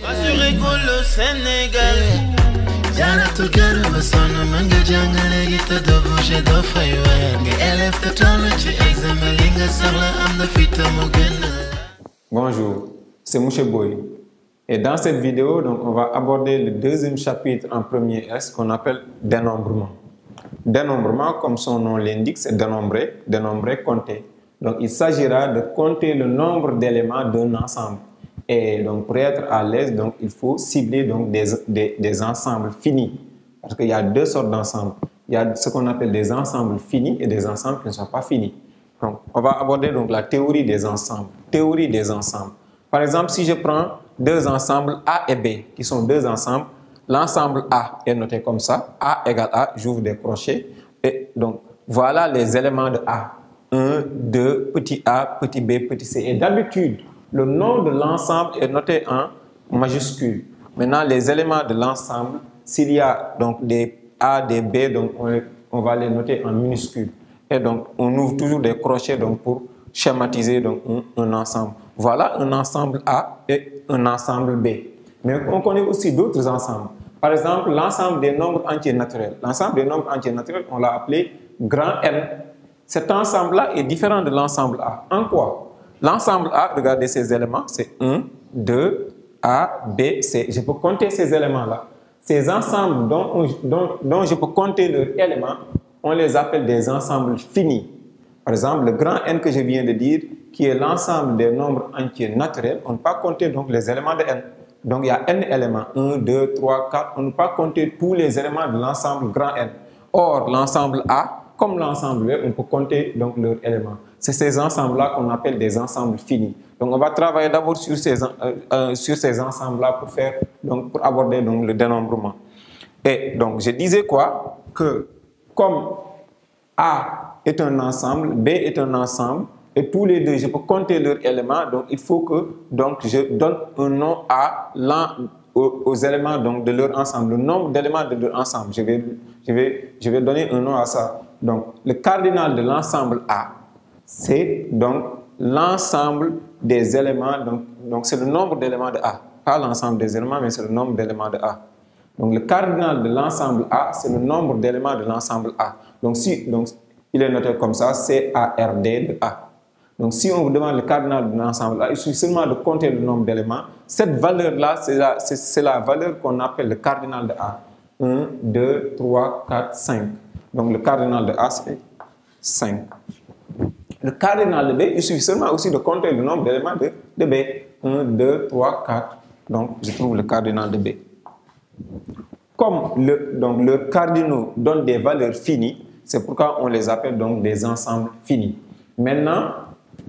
Bonjour, c'est Mouche Boy. Et dans cette vidéo, donc, on va aborder le deuxième chapitre en premier S hein, qu'on appelle dénombrement. Dénombrement, comme son nom l'indique, c'est dénombrer, dénombrer, compter. Donc il s'agira de compter le nombre d'éléments d'un ensemble. Et donc, pour être à l'aise, donc, il faut cibler donc, des, des, ensembles finis. Parce qu'il y a deux sortes d'ensembles. Il y a ce qu'on appelle des ensembles finis et des ensembles qui ne sont pas finis. Donc, on va aborder donc la théorie des ensembles. Théorie des ensembles. Par exemple, si je prends deux ensembles A et B, qui sont deux ensembles, l'ensemble A est noté comme ça. A égale A, j'ouvre des crochets. Et donc, voilà les éléments de A. 1, 2, petit a, petit b, petit c. Et d'habitude, le nom de l'ensemble est noté en majuscule. Maintenant, les éléments de l'ensemble, s'il y a donc des A, des B, donc on, va les noter en minuscule. Et donc, on ouvre toujours des crochets pour schématiser un, ensemble. Voilà un ensemble A et un ensemble B. Mais on connaît aussi d'autres ensembles. Par exemple, l'ensemble des nombres entiers naturels. L'ensemble des nombres entiers naturels, on l'a appelé grand M. Cet ensemble-là est différent de l'ensemble A. En quoi L'ensemble A, regardez ces éléments, c'est 1, 2, A, B, C. Je peux compter ces éléments-là. Ces ensembles dont, dont, dont je peux compter leurs éléments, on les appelle des ensembles finis. Par exemple, le grand N que je viens de dire, qui est l'ensemble des nombres entiers naturels, on ne peut pas compter donc les éléments de N. Donc il y a N éléments, 1, 2, 3, 4, on ne peut pas compter tous les éléments de l'ensemble grand N. Or, l'ensemble A, comme l'ensemble on peut compter donc leurs éléments. C'est ces ensembles-là qu'on appelle des ensembles finis. Donc on va travailler d'abord sur ces, euh, euh, sur ces ensembles-là pour, faire, donc, pour aborder donc, le dénombrement. Et donc je disais quoi Que comme A est un ensemble, B est un ensemble, et tous les deux, je peux compter leurs éléments, donc il faut que donc, je donne un nom à l'un aux, éléments donc, de leur ensemble, le nombre d'éléments de leur ensemble. Je vais, je, vais, je vais donner un nom à ça. Donc, le cardinal de l'ensemble A, c'est donc l'ensemble des éléments, donc c'est le nombre d'éléments de A. Pas l'ensemble des éléments, mais c'est le nombre d'éléments de A. Donc le cardinal de l'ensemble A, c'est le nombre d'éléments de l'ensemble A. Donc si il est noté comme ça, c'est ARD de A. Donc si on vous demande le cardinal de l'ensemble A, il suffit seulement de compter le nombre d'éléments. Cette valeur-là, c'est la valeur qu'on appelle le cardinal de A. 1, 2, 3, 4, 5. Donc le cardinal de A, c'est 5. Le cardinal de B, il suffit seulement aussi de compter le nombre d'éléments de, de, B. 1, 2, 3, 4. Donc je trouve le cardinal de B. Comme le, donc, le cardinal donne des valeurs finies, c'est pourquoi on les appelle donc des ensembles finis. Maintenant,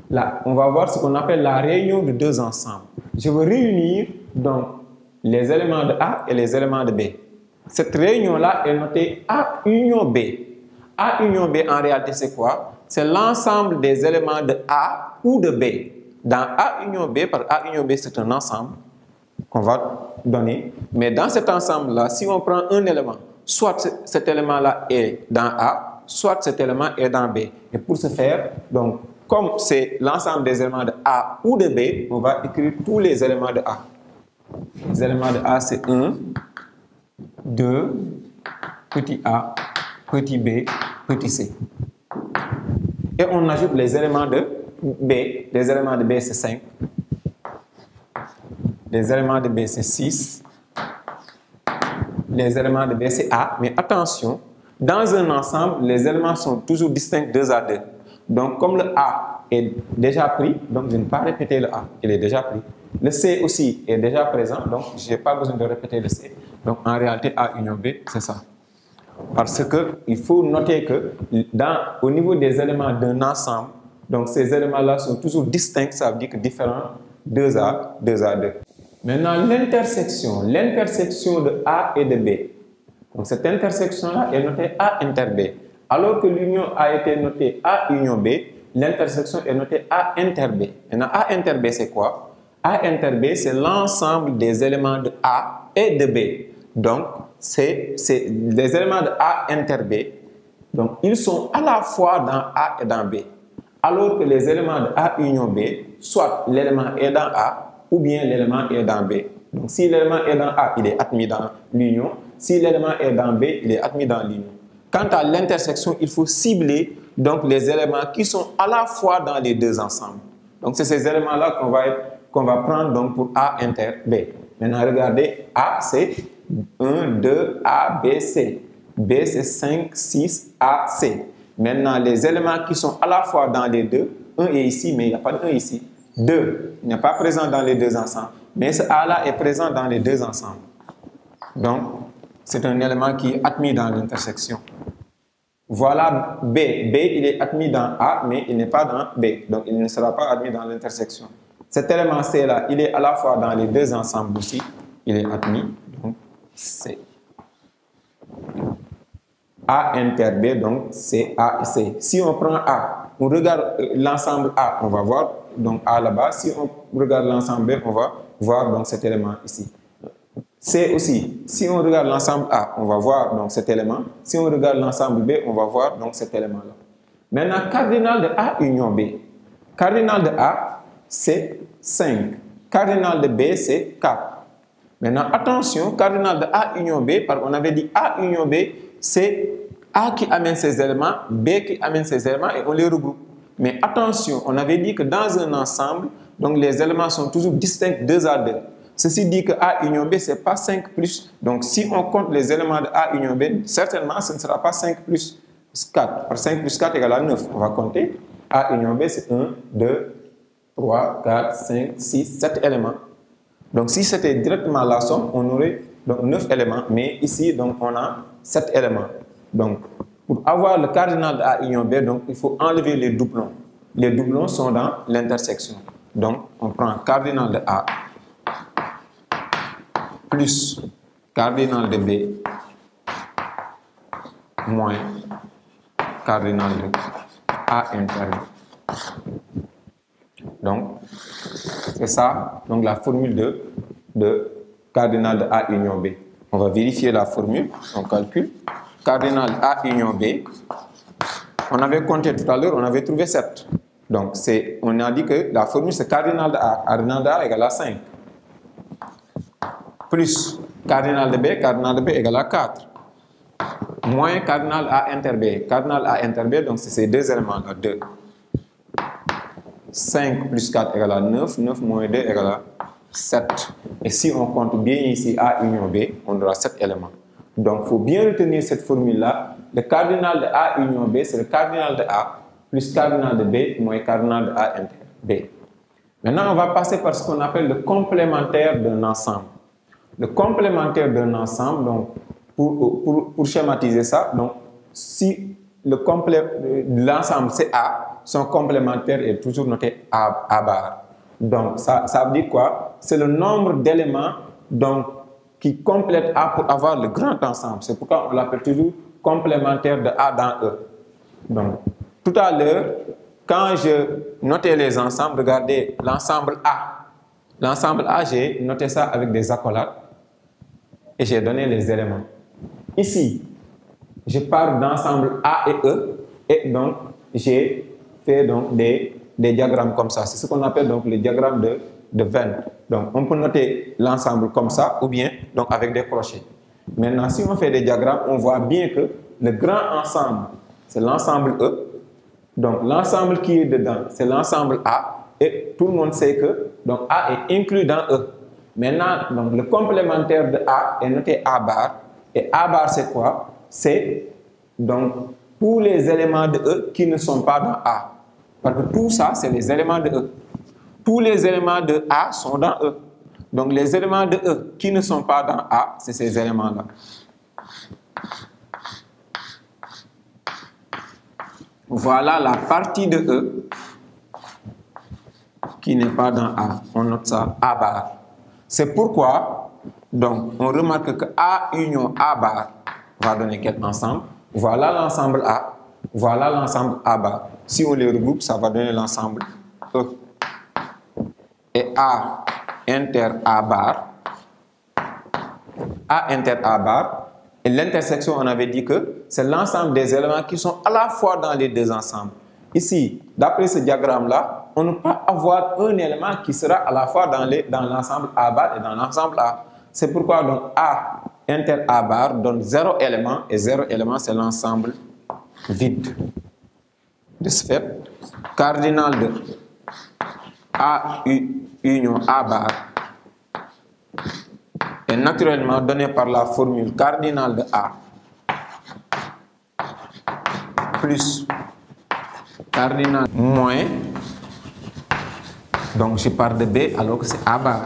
là, on va voir ce qu'on appelle la réunion de deux ensembles. Je veux réunir donc les éléments de A et les éléments de B. Cette réunion-là est notée A union B. A union B, en réalité, c'est quoi C'est l'ensemble des éléments de A ou de B. Dans A union B, par A union B, c'est un ensemble qu'on va donner. Mais dans cet ensemble-là, si on prend un élément, soit cet élément-là est dans A, soit cet élément est dans B. Et pour ce faire, donc, comme c'est l'ensemble des éléments de A ou de B, on va écrire tous les éléments de A. Les éléments de A, c'est 1, 2, petit a, petit b, petit c. Et on ajoute les éléments de b. Les éléments de b, c'est 5. Les éléments de b, c'est 6. Les éléments de b, c'est a. Mais attention, dans un ensemble, les éléments sont toujours distincts deux à deux. Donc, comme le a est déjà pris, donc je ne vais pas répéter le a, il est déjà pris. Le C aussi est déjà présent, donc je n'ai pas besoin de répéter le C. Donc en réalité, A union B, c'est ça. Parce qu'il faut noter que dans, au niveau des éléments d'un ensemble, donc ces éléments-là sont toujours distincts, ça veut dire que différents 2A, 2A2. Maintenant, l'intersection, l'intersection de A et de B. Donc cette intersection-là est notée A inter B. Alors que l'union a été notée A union B, l'intersection est notée A inter B. Maintenant, A inter B, c'est quoi a inter B, c'est l'ensemble des éléments de A et de B. Donc, c'est les éléments de A inter B. Donc, ils sont à la fois dans A et dans B. Alors que les éléments de A union B, soit l'élément est dans A ou bien l'élément est dans B. Donc, si l'élément est dans A, il est admis dans l'union. Si l'élément est dans B, il est admis dans l'union. Quant à l'intersection, il faut cibler donc, les éléments qui sont à la fois dans les deux ensembles. Donc, c'est ces éléments-là qu'on va être qu'on va prendre donc pour A inter B. Maintenant, regardez, A, c'est 1, 2, A, B, C. B, c'est 5, 6, A, C. Maintenant, les éléments qui sont à la fois dans les deux, 1 est ici, mais il n'y a pas de 1 ici. 2 n'est pas présent dans les deux ensembles, mais ce A-là est présent dans les deux ensembles. Donc, c'est un élément qui est admis dans l'intersection. Voilà B. B, il est admis dans A, mais il n'est pas dans B. Donc, il ne sera pas admis dans l'intersection. Cet élément C là, il est à la fois dans les deux ensembles aussi, il est admis, donc C. A inter B, donc c'est A et C. Si on prend A, on regarde euh, l'ensemble A, on va voir donc A là-bas. Si on regarde l'ensemble B, on va voir donc cet élément ici. C aussi, si on regarde l'ensemble A, on va voir donc cet élément. Si on regarde l'ensemble B, on va voir donc cet élément-là. Maintenant, cardinal de A union B. Cardinal de A, c'est 5. Cardinal de B, c'est 4. Maintenant, attention, cardinal de A union B, on avait dit A union B, c'est A qui amène ses éléments, B qui amène ses éléments et on les regroupe. Mais attention, on avait dit que dans un ensemble, donc les éléments sont toujours distincts deux à deux. Ceci dit que A union B, ce n'est pas 5 plus. Donc si on compte les éléments de A union B, certainement ce ne sera pas 5 plus 4. 5 plus 4 égale à 9. On va compter. A union B, c'est 1, 2, 3, 4, 5, 6, 7 éléments. Donc si c'était directement la somme, on aurait donc, 9 éléments, mais ici on a 7 éléments. Donc pour avoir le cardinal de A union B, il faut enlever les doublons. Les doublons sont dans l'intersection. Donc on prend cardinal de A plus cardinal de B moins cardinal de A interne donc, c'est ça, donc la formule de, cardinal de A union B. On va vérifier la formule, on calcule. Cardinal A union B, on avait compté tout à l'heure, on avait trouvé 7. Donc, on a dit que la formule, c'est cardinal de A. Cardinal de A égale à 5. Plus cardinal de B, cardinal de B égale à 4. Moins cardinal A inter B. Cardinal A inter B, donc c'est ces deux éléments 2. 5 plus 4 égale à 9, 9 moins 2 égale à 7. Et si on compte bien ici A union B, on aura 7 éléments. Donc, il faut bien retenir cette formule-là. Le cardinal de A union B, c'est le cardinal de A plus cardinal de B moins cardinal de A inter B. Maintenant, on va passer par ce qu'on appelle le complémentaire d'un ensemble. Le complémentaire d'un ensemble, donc, pour, pour, schématiser ça, donc, si l'ensemble c'est A, son complémentaire est toujours noté à, barre. Donc, ça, ça veut dire quoi C'est le nombre d'éléments donc, qui complètent A pour avoir le grand ensemble. C'est pourquoi on l'appelle toujours complémentaire de A dans E. Donc, tout à l'heure, quand je notais les ensembles, regardez l'ensemble A. L'ensemble A, j'ai noté ça avec des accolades et j'ai donné les éléments. Ici, je parle d'ensemble A et E et donc j'ai fait donc des, des diagrammes comme ça. C'est ce qu'on appelle donc le diagramme de, de venn Donc on peut noter l'ensemble comme ça ou bien donc avec des crochets. Maintenant, si on fait des diagrammes, on voit bien que le grand ensemble, c'est l'ensemble E. Donc l'ensemble qui est dedans, c'est l'ensemble A. Et tout le monde sait que donc A est inclus dans E. Maintenant, donc, le complémentaire de A est noté A bar. Et A bar, c'est quoi C'est donc tous les éléments de E qui ne sont pas dans A. Parce que tout ça, c'est les éléments de E. Tous les éléments de A sont dans E. Donc les éléments de E qui ne sont pas dans A, c'est ces éléments-là. Voilà la partie de E qui n'est pas dans A. On note ça A bar. C'est pourquoi, donc, on remarque que A union A bar va donner quel ensemble Voilà l'ensemble A. Voilà l'ensemble A bar. Si on les regroupe, ça va donner l'ensemble e. et A inter A bar. A inter A bar. Et l'intersection, on avait dit que c'est l'ensemble des éléments qui sont à la fois dans les deux ensembles. Ici, d'après ce diagramme-là, on ne peut pas avoir un élément qui sera à la fois dans l'ensemble dans A bar et dans l'ensemble A. C'est pourquoi donc A inter A bar donne zéro élément et zéro élément, c'est l'ensemble Vite. De fait, cardinal de A union A bar est naturellement donné par la formule cardinal de A plus cardinal moins donc je pars de B alors que c'est A bar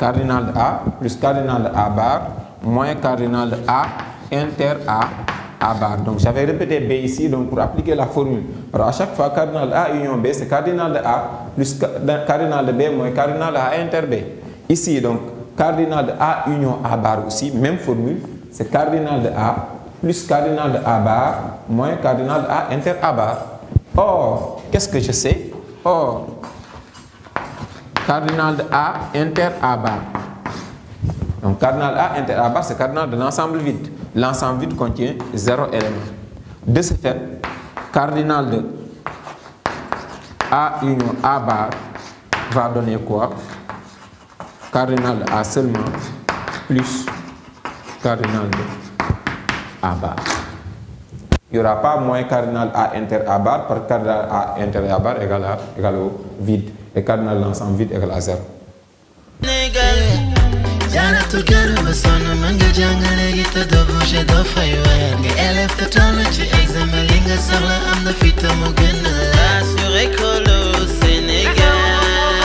cardinal de A plus cardinal de A bar moins cardinal de A inter A ah bah, donc j'avais répété B ici donc pour appliquer la formule. Alors à chaque fois, cardinal A union B, c'est cardinal de A plus cardinal de B moins cardinal de A inter B. Ici, donc, cardinal de A union A bar aussi, même formule, c'est cardinal de A plus cardinal de A bar moins cardinal A inter A bar. Or, qu'est-ce que je sais Or, cardinal de A inter A bar. Donc, cardinal A inter A bar, c'est cardinal de l'ensemble vide l'ensemble vide contient 0 élément. De ce fait, cardinal de A union A bar va donner quoi Cardinal de A seulement plus cardinal de A bar. Il n'y aura pas moins cardinal A inter A bar par cardinal A inter A bar égale, égale au vide. Et cardinal de l'ensemble vide égale à 0. Jana tukero basona manga jangale gita dobuje do faiwa Nge elef tatana chi exam linga sarla am da fita mugena Asure kolo